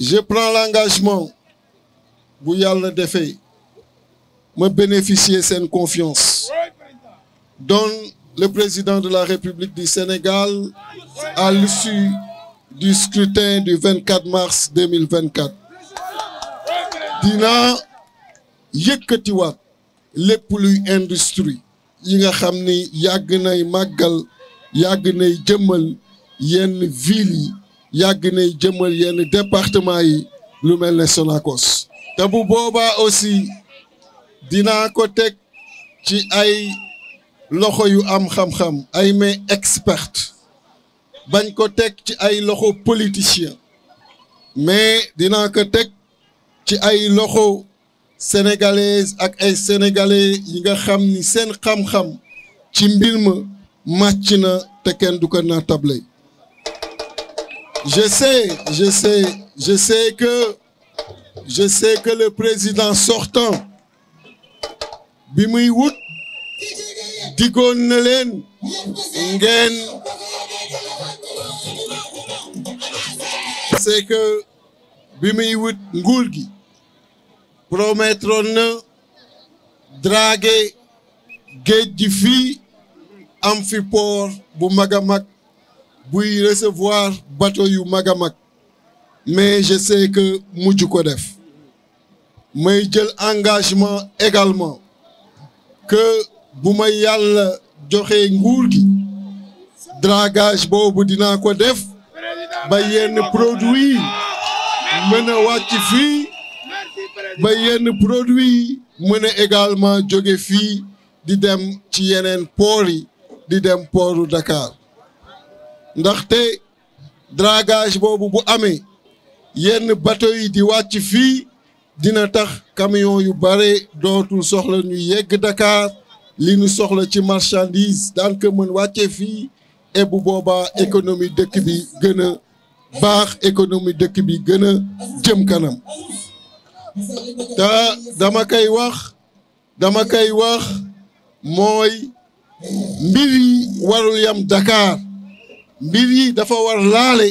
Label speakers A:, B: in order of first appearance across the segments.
A: je prends l'engagement bu yàlla defee ma bénéficier seen confiance donne le président de la République du Sénégal à l'issue du scrutin du 24 mars 2024 dinaa yëkkatiwaat lépp luy industrie yi nga xam ni yàgg nay màggal yàgg nay jëmmal yenn villes yi yàgg nay jëmmal yenn département yi lu mel ne Sonacos te bu boobaa aussi dinaa ko teg ci ay loxo yu am xam-xam ay main expert bañ ko teg ci ay loxo politicien mais dinaa ko teg ci ay loxo sénégalaises ak ay sénégalais yi nga xam ni seen xam-xam ci mbir màcc na te du ko naa table je sais je sais je sais que je sais que le président sortant bi muy wut digoon na leen ngeen c'est que bi muy wut nguur gi promettroon na draguer géej gi am fi bu mag a mag buy resevoir bateau yu mag a mag mais je sais que mujj ko def may jël engagement également que bu may yàlla joxe nguur gi dragage boobu dinaa ko def ba yenn produit mën a wàcc fii ba yenn produit mën a également joge fii di dem ci yeneen port yi di dem pooru Dakar ndaxte dragage boobu bu amee yenn bateau yi di wàcc fii dina tax camion yu bare dootul soxla ñu yegg Dakar li nu soxla ci marchandise daan ko mën wàcce fii et bu boobaa économie dëkk bi gën baax économie dëkk bi gën a jëm kanam te dama koy wax dama koy wax mooy mbir yi warul yam Dakar mbir yi dafa war laale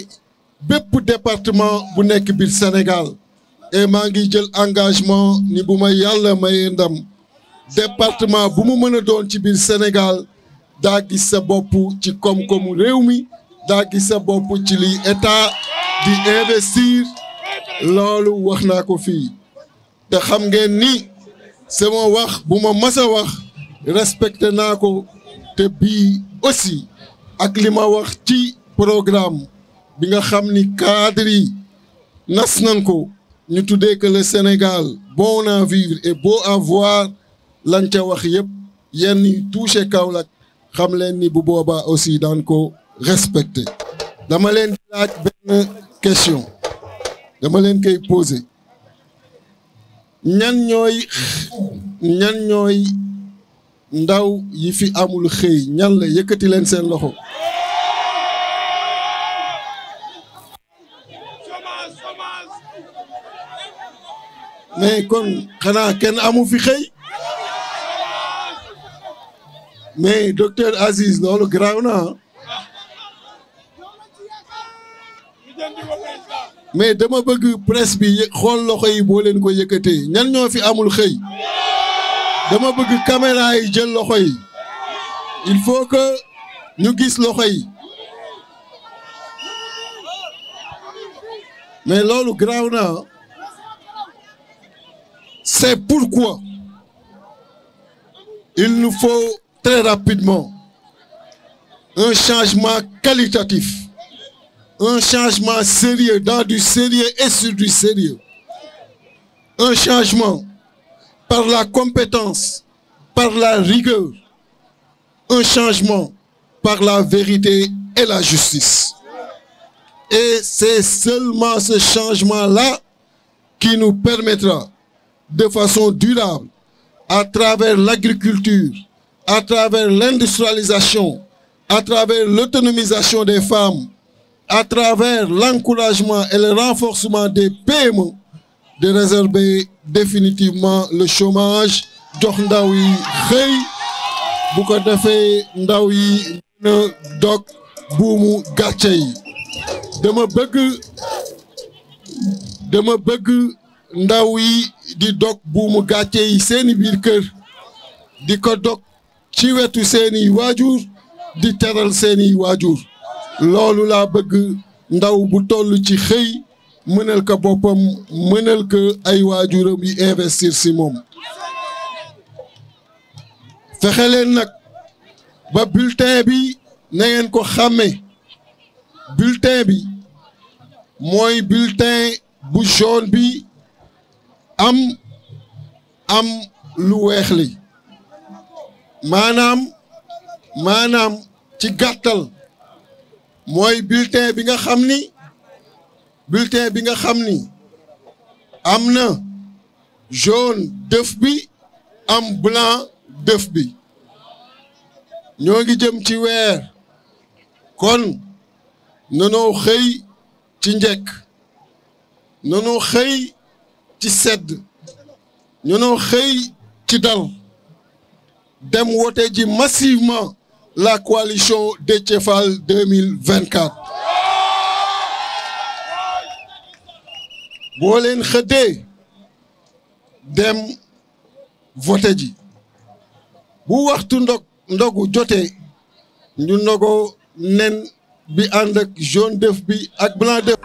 A: bépp département bu nekk biir Sénégal et maa ngi jël engagement ni bu ma yàlla may ndam département bu mu mën a doon ci biir senegaal daa gis sa bopp ci koom réew mi daa gis sa bopp ci li état di investir loolu wax naa ko fii te xam ngeen ni sama wax bu ma mas wax respecté naa ko te bii aussi ak li ma wax ci programme bi nga xam ni cadre yi nas nan ko ñu tuddee que le Sénégal bon à vivre et beau à lañ ca wax yëpp yenn yi touché Kaolack xam leen ni bu boobaa aussi daan ko respecté dama leen di laaj benn question dama leen koy pose ñan ñooy ndaw yi fi amul xëy ñan la yëkkati leen seen loxo mais kon xanaa kenn amu fi xëy mais docteur Aziz loolu garaaw na mais dama bëgg presse bi xool loxo yi boo ko yëkkatee ñan ñoo fi amul xëy dama bëgg caméra yi jël loxo yi il faut que ñu gis loxo yi mais loolu graaw na c'est pourquoi il nous faut très rapidement un changement qualitatif un changement sérieux dans du sérieux et sur du sérieux un changement par la compétence, par la rigueur, un changement par la vérité et la justice. Et c'est seulement ce changement-là qui nous permettra de façon durable, à travers l'agriculture, à travers l'industrialisation, à travers l'autonomisation des femmes, à travers l'encouragement et le renforcement des PME, de réserver définitivement le chomage jox ndaw yi xëy bu ko defee ndaw yi dog buumu gàcce yi bëgg ndaw yi di dog buumu gàcce yi seeni biir kër di ko dog ci wetu seeni waajur di teral seeni waajur loolu laa bëgg ndaw bu toll ci xëy mënal ko boppam mënal ko ay waajuram yi investir si moom fexe nag ba bulletin bi na ngeen ko xàmmee bulletin bi mooy bulletin bu jaune bi am am lu weex li maanaam maanaam ci gàttal mooy bulletin bi nga xam ni bulletin bi nga xam ni am na jaune dëf bi am blanc dëf bi ñoo ngi jëm ci weer kon nanoo xëy ci njëkk nanoo xëy ci sedd nanoo xëy ci dal dem wote ji massivement la coalition Déthié Fall 2024 boo leen xëddee dem vote ji bu waxtu ndog ndogu jote ñu ndogoo nen bi ànd ak jaune d'œuf bi ak blanc d'œuf